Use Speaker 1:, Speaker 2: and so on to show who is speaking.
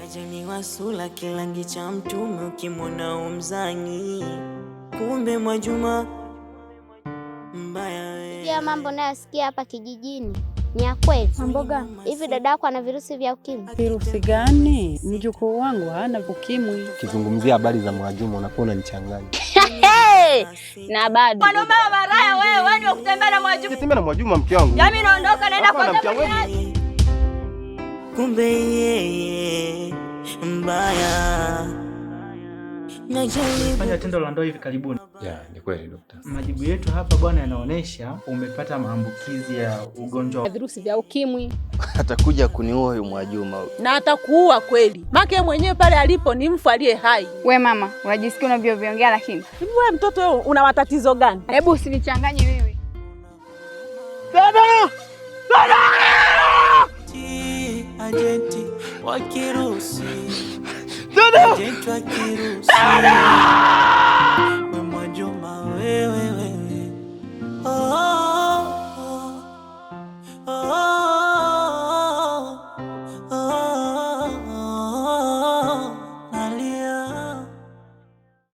Speaker 1: Kajani wa sura kilangi cha mtume, ukimwona umzani, kumbe Mwajuma mbaya.
Speaker 2: Ia mambo nayasikia hapa kijijini ni ya kweli. Mambo hivi? Dada yako ana virusi vya ukimwi.
Speaker 3: Virusi gani? Mjukuu wangu hana ukimwi.
Speaker 4: Ukizungumzia habari za Mwajuma unakuwa unanichanganya
Speaker 2: na bado
Speaker 5: mwanaume wa maraya wewe, wani wa kutembea na Mwajuma.
Speaker 4: Sitembea na Mwajuma, mke wangu.
Speaker 5: Yaani naondoka naenda kwa mke wangu. Kumbe yeye
Speaker 6: fanya tendo la ndoa hivi karibuni.
Speaker 7: Yeah, ni kweli daktari.
Speaker 6: Majibu yetu hapa bwana yanaonyesha umepata maambukizi ya ugonjwa
Speaker 3: wa virusi vya ukimwi.
Speaker 4: Atakuja kuniua huyu Mwajuma
Speaker 3: na atakuua kweli, make mwenyewe pale alipo ni mfu aliye hai.
Speaker 8: We mama, unajisikia unavyoviongea, lakini
Speaker 3: hivi wewe mtoto wewe una matatizo gani?
Speaker 8: Hebu usinichanganye wewe.
Speaker 9: Agenti wa kirusi 누누! 누누!